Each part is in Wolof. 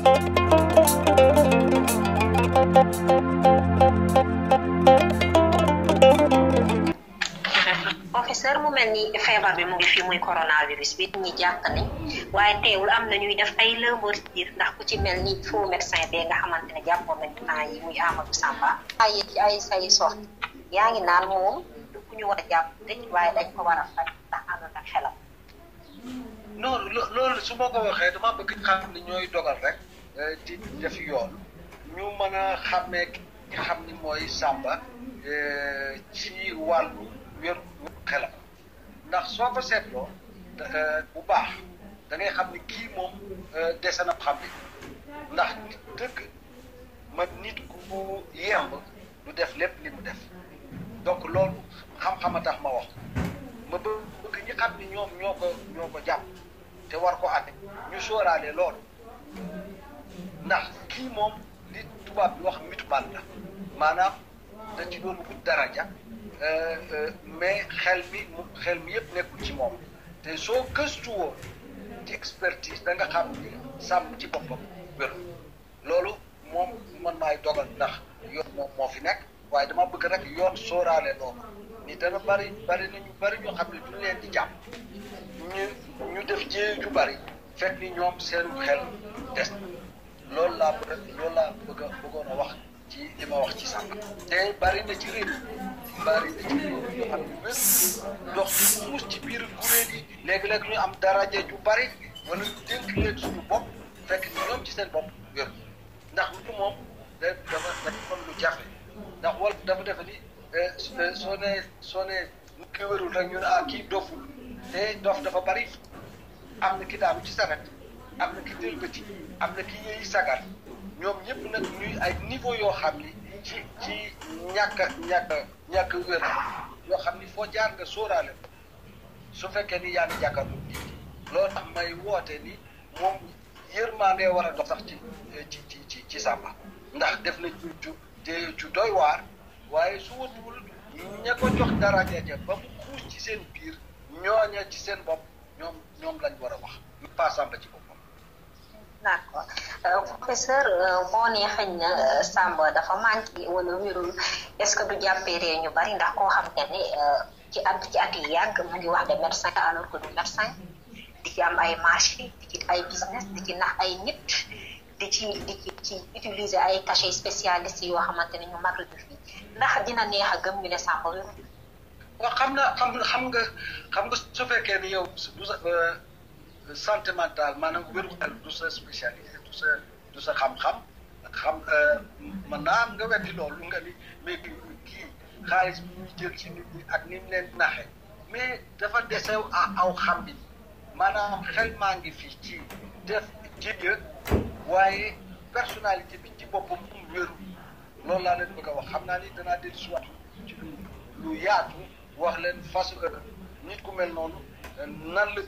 professeur mu mel ni feebar bi mu ngi fii muy coronavirus bi ñi jàpp ne waaye teewul am na ñuy def ay lëmbër ci ndax ku ci mel ni faux médecin bee nga xamante ne jàppoon nañ temps yi muy Amadou Samba ay ay say sox yaa ngi naan moom du ku ñu war a jàpp tëj waaye dañ ko war a faj ndax àndoon ak xelam loolu ko ñooy dogal rek Euh, di def yoon ñu mën a xàmmee nga xam ni mooy sàmba euh, ci wàllu wér xelam ndax soo ko seetloo bu baax da xam ni kii moom euh, dese na xam ni ndax nit dëgg man nit ku yemb du def lépp li mu def donc loolu xam-xam a tax ma wax ma bëgg ñi xam ni ñoom ñoo ko jàpp te war ko àtte ñu sóoraale loolu ndax kii moom li tubaab bi wax mitbal la maanaam da ci doon wut daraja euh, euh, mais xel mi xel mi yëpp nekkul ci moom te soo gëstuwoo ci expertise da nga xam ni sàmm ci boppam wéru loolu moom man maay dogal ndax yoon moom moo fi nekk waaye dama bëgg rek yoon sóoraale loolu ni dana bari bari nañu bari ñu xam ne duñ leen di jàpp ñu ñu def jéey ju bari fekk ni ñoom seenu xel des loolu laa bëgg loolu laa bëgg a bëggoon a wax ci li ma wax sànq te bari na ci réew bari na ci réew yoo xam ne wér dox ci ci biir kuréel yi léegi-léegi ñu am daraja ju bari wala ñu dénk leen suñu bopp fekk ñoom ci seen bopp wér ndax lu moom dafa dafa lu ndax wala dafa defe ni eh, eh, soo nee soo nee a wérul rek ñu ne ah kii doful te dof dafa bari am na ki daanu ci saret am na ki tëlbëti am na ki yëy sagar ñoom ñëpp nag ñuy ay niveau yoo xam ni ci ci ñàkk ñàkk ñàkk yoo xam ni foo jaar nga sóoraale su fekkee ni yaa ngi jàkkaarloo nit loolu may woote ni moom yërmande war a dox sax ci ci ci ci ci Samba ndax def na ju ju doy waar waaye su wëtuwul ña ko jox dara ja ba mu xuus ci seen biir ñooña ci seen bopp ñoom ñoom lañ war a wax pas ci bopp d' accord euh, professeur euh, boo nee xëy na Samba dafa manqué wala wérul est ce que du jàppee ree ñu bari ndax koo xam te ne euh, ci at ci at yàgg mu ngi wax de médecin alors que du médecin di ci am ay marché di ci ay business di ci nax ay nit di ci ci ci utiliser ay cachet spécialiste yoo xamante ne ñu mag la fi ndax dina neex a gëm ñu ne Samba xam na xam xam nga xam nga su fekkee santé mentale maanaam wéru xel du sa spécialisé du sa du sa xam-xam xam euh, mën naa am nga weddi loolu nga ni mais kii xaalis bi ñuy jël nit ñi ak ni naxe mais dafa desew a aw xam bi maanaam xel maa ngi fii ci def jiga waaye personalité bi ci boppam um wéru loolu laa leen bëgg a wax xam naa ni danaa dellu si waxtu ci lu yaatu wax leen façon euh, nit ku mel noonu euh, nan la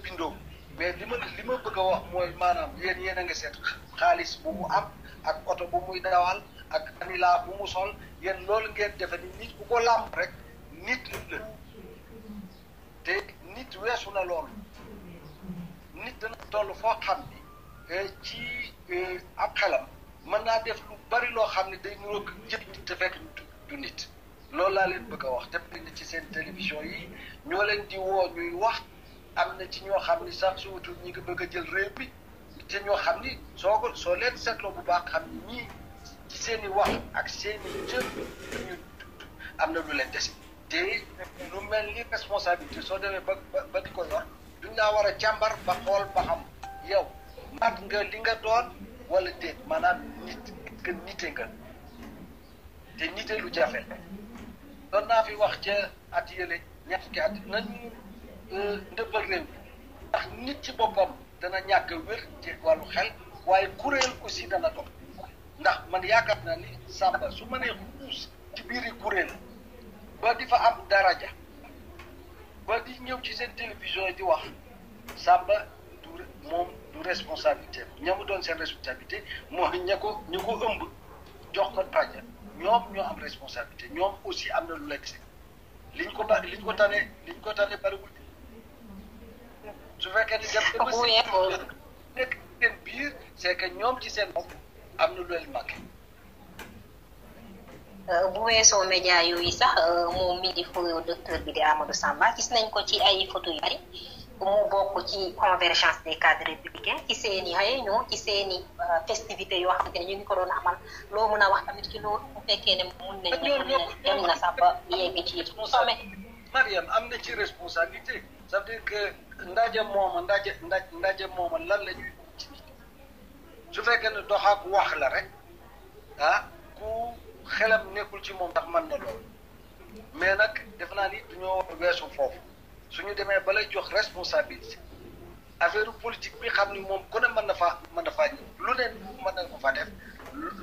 mais li ma li ma bëgg a wax mooy maanaam yéen yéen a ngi seet xaalis bu mu am ak oto bu muy dawal ak anila bu mu sol yéen loolu ngeen defe ni nit ku ko làmp rek nit la te nit weesu na loolu nit dana toll foo xam ni eh, ci eh, ab xelam mën naa def lu bari loo xam ne day nuroog jël nit te fekk du nit loolu laa leen bëgg a wax def nañ ci seen télévision yi ñoo leen di woo ñuy wax am na ci ñoo xam ni sax su ñi ngi bëgg a jël réew bi te ñoo xam ni soo ko soo leen seetloo bu baax xam ni ñii ci seen wax ak seen i am na lu leen dese te lu mel ni responsabilité soo demee ba ba di ko yor duñ laa war a càmbar ba xool ba xam yow mat nga li nga doon wala te maanaam nit nga nite te nite lu jafe doon naa fi wax ca at yële ñaar fukki at nañu ndëmbal réew ndax nit ci boppam dana ñàkk wér ci wàllu xel waaye kuréel aussi dana dox ndax man yaakaar naa ni sàmba su ma nee xuus ci biiri kuréel ba di fa am daraja ba di ñëw ci seen télévision di wax sàmba du moom du responsabilité ña mu doon seen responsabilité mooy ña ko ñu ko ëmb jox ko daraja ñoom ñoo am responsabilité ñoom aussi am na lu lekk liñ ko ba liñ ko tane liñ ko tane bariwul su fekkee ni dem ba seen ci seen bopp am lu leen manqué euh, bu weesoo média yooyu sax euh, moom mi di foyoo docteur bi di Amadou Samba gis nañ ko ci ay photo yu bari mu bokk ci convergence des cadres républicains ci seen i ñoo ci seen i euh, festivités yoo xamante ne ñu ngi ko doon amal loo mën a wax tamit ki loolu bu fekkee ne mun nañu dem na sax ba yegg ci sommet Mariam am na ci responsabilité ça veut dire que ndaje moom ndaje ndaje mooma lan la ñuy ci su fekkee ne dox ak wax la rek ah ku xelam nekkul ci moom ndax man na loolu mais nag def naa ni duñoo weesu foofu suñu demee ba lay jox responsabilité affaire politique bi xam ni moom ku ne mën na ma mën na lu ne mën na fa def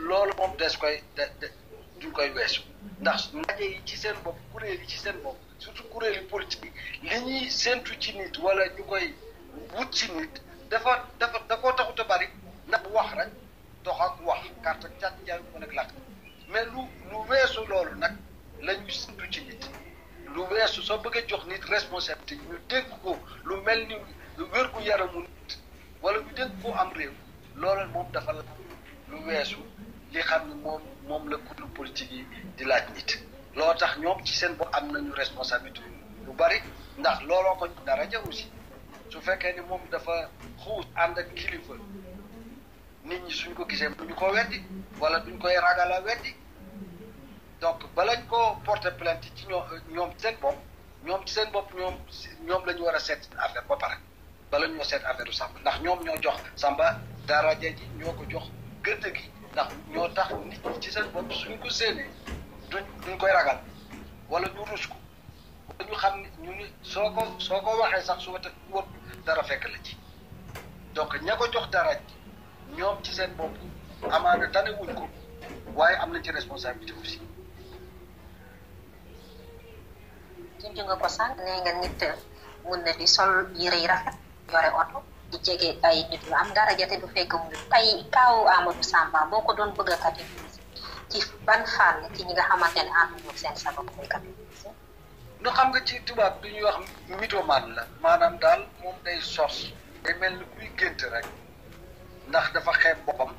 loolu moom des koy de duñ koy weesu ndax ndaje yi ci seen bopp kuréel yi ci seen bopp surtout kuréelu politique yi li ñuy séentu ci nit walla ñu koy wut ci nit dafa dafa da koo taxut a bari ndax wax rek dox ak wax carte ak cat njaay ko nag lakk mais lu lu weesu loolu nag la ñu séentu ci nit lu weesu soo bëggee jox nit responsabilité ñu dégg ko lu mel ni wér gu yaramu nit wala ñu dégg ko am réew loolal moom dafa lakk lu weesu li xam ne moom moom la kuréel politique yi di laaj nit loo tax ñoom ci seen bo am nañu responsabilité bu bari ndax looloo ko dara ja aussi su fekkee ni moom dafa xuus ànd ak kilifa nit ñi suñ ko gisee duñu ko weddi wala duñ koy ragala weddi donc balañ ko porter plainte ci ñoo ñoom seen bopp ñoom ci seen bopp ñoom ñoom la ñu war a seet affaire ba pare bala ñoo seet affaire u Samba ndax ñoom ñoo jox Samba dara ji ñoo ko jox gëdd gi ndax ñoo tax nit ñi ci seen bopp suñ ko séenee duñ duñ koy ragal wala ñu rus ko wala ñu xam ne ñu ni soo ko soo ko waxee sax su wata wëpp dara fekk la ci donc ña ko jox dara ñoom ci seen bopp amaana tane wuñ ko waaye am nañ ci responsabilité aussi junj ko sànq nee nga nit mun na di sol yére yi rafet yore oto di jege ay nit lu am dara jate du fekk mu tey kaw Amadou Samba boo ko doon bëgg a catégoriser ci ban fànn ci ñi nga xamante ne ànd ñu seen sabab koy catégoriser lu xam nga ci tubaab du ñuy wax mythomane la maanaam daal moom day sos day mel ni kuy gént rek ndax dafa xeeb boppam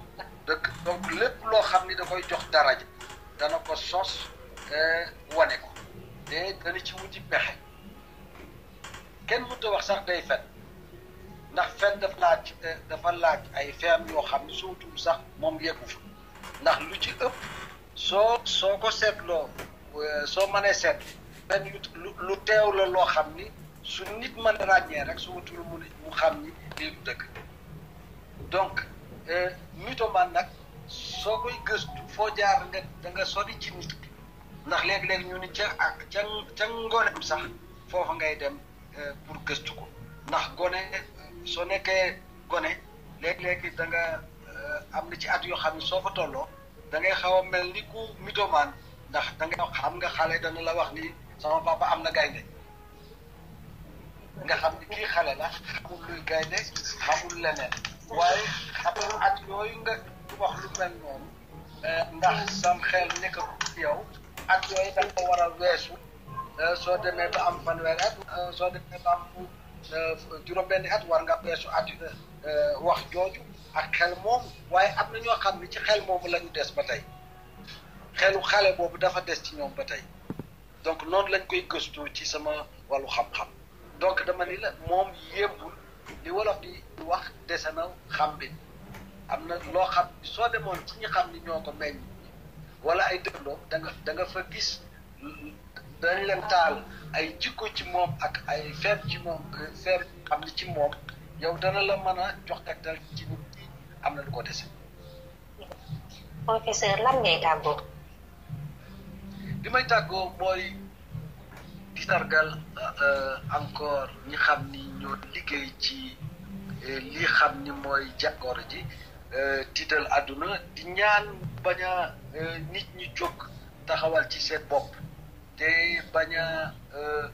dëkk donc lépp loo xam ni da koy jox daraja dana ko sos wane ko te dana ci wuti pexe kenn mënta wax sax day fen ndax fen dafa laaj eh, dafa laaj ay feem yoo xam ne surtout sax moom yeggu fa ndax lu ci ëpp soo soo ko seetloo eh, soo mënee seet fen lu teew la loo xam ni su nit mën a ràññee rek su wutul mu mu xam ni lii du dëgg donc eh, mythomane nag soo koy gëstu foo jaar nga da nga sori ci nit ndax léeg-léeg ñu ni ca ak ah, ca ca ngoneem sax foofa ngay dem pour gëstu ko ndax gone soo nekkee gone léeg-léeg da euh, am na ci at yoo xam ne soo fa tolloo da ngay xaw a mel ni ku mythomane ndax da ngay xam nga xale dana la wax ni sama am na gaynde nga xale la xamul luy gaynde xamul leneen waaye xam at yooyu nga wax lu mel noonu euh, ndax sam xel nekk ci yow at yooyu da nga war weesu euh, soo demee ba am fanweer at soo demee ba am Euh, juróom-benni at war nga beesu àddina euh, wax jooju ak xel moomu waaye am na ñoo xam ne ci xel moomu lañu des ba tey xelu xale boobu dafa des ci ñoom ba tey donc noonu lañ koy gëstu ci sama wàllu xam-xam donc dama ni la moom yébbul li wolof di wax dese na xam bi am na loo xam soo demoon ci ñu xam ni ñoo ko meññ wala ay dëndoo da nga da fa gis dañ leen taal ay jikko ci moom ak ay feeb ci moom euh, feeb xam ne ci moom yow dana la mën a jox tegtal ci nit ñi am na lu ko dese. professeur lan ngay tàggoo. li may tàggoo mooy di euh, encore ñi xam ni ñoo liggéey ci euh, li xam ni mooy jàngoro ji tiital àdduna di ñaan bañ a nit ñi jóg taxawal ci seet bopp. te baña a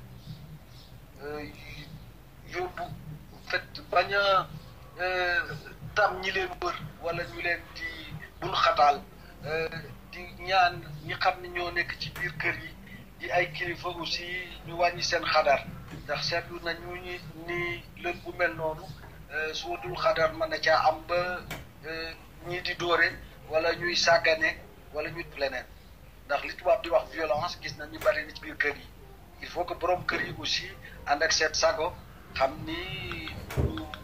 yóbbu fet bañ a euh, euh, euh, tam ñi leen wër wala ñu leen di bul xataal di ñaan ñi xam ne ñoo nekk ci biir kër yi di ay kilifa aussi ñu wàññi seen xadar ndax seetlu nañu ñi ni lën bu mel noonu suwatul xadar mën na caa am ba ñii di dóore wala ñuy sàggane wala ñuy leneen ndax li tubaab di wax violence gis nañu bari na ci biir kër yi il faut que borom kër yi aussi ànd ak seet sago xam ni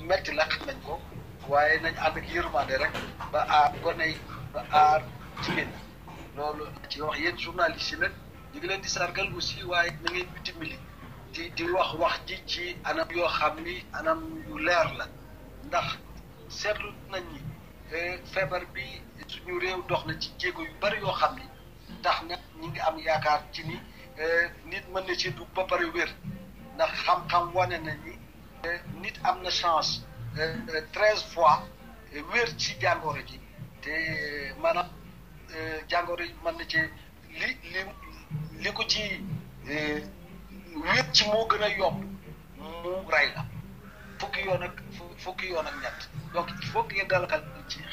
metti la xam nañ ko waaye nañ ànd ak yërmande rek ba aar gone yi ba aar jigéen ñi loolu ci wax yéen journaliste yi nag ngi leen di sargal aussi waaye na ngeen utimili di di wax wax ji ci anam yoo xam ni anam yu leer la ndax seetlu nañ ni eh, feebar bi suñu réew dox na ci jéego yu bari yoo xam ni ndax na ñu ngi am yaakaar ci ni e, nit mën na ci du ba pare wér ndax xam-xam wane na ni e, nit am na chance e, treize fois wér ci jàngoro ji te maanaam jàngoro ji mën na ci li li li ko ci wér ci moo gën a yomb mu rey la fukki yoon ak fukki yoon ak ñett donc il faut que ngeen dalal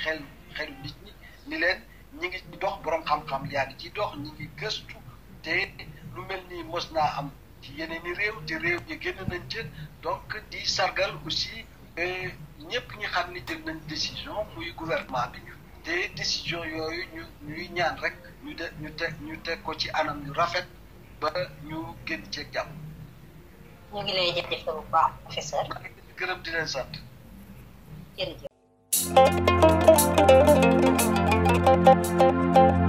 xel xel nit ñi ni leen ñi ngi dox borom xam-xam yaa ngi ci dox ñi ngi gëstu te lu mel ni mos naa am ci yeneen réew te réew ñi génn nañ ci donc di sargal aussi e, ñëpp ñu xam ni jël nañ décision muy gouvernement bi te décision yooyu ñu ñuy ñaan rek ñu te ñu teg ñu teg ko ci anam yu rafet ba ñu génn ci jàmm. ñu ngi lay jëfandikoo bu Thank you.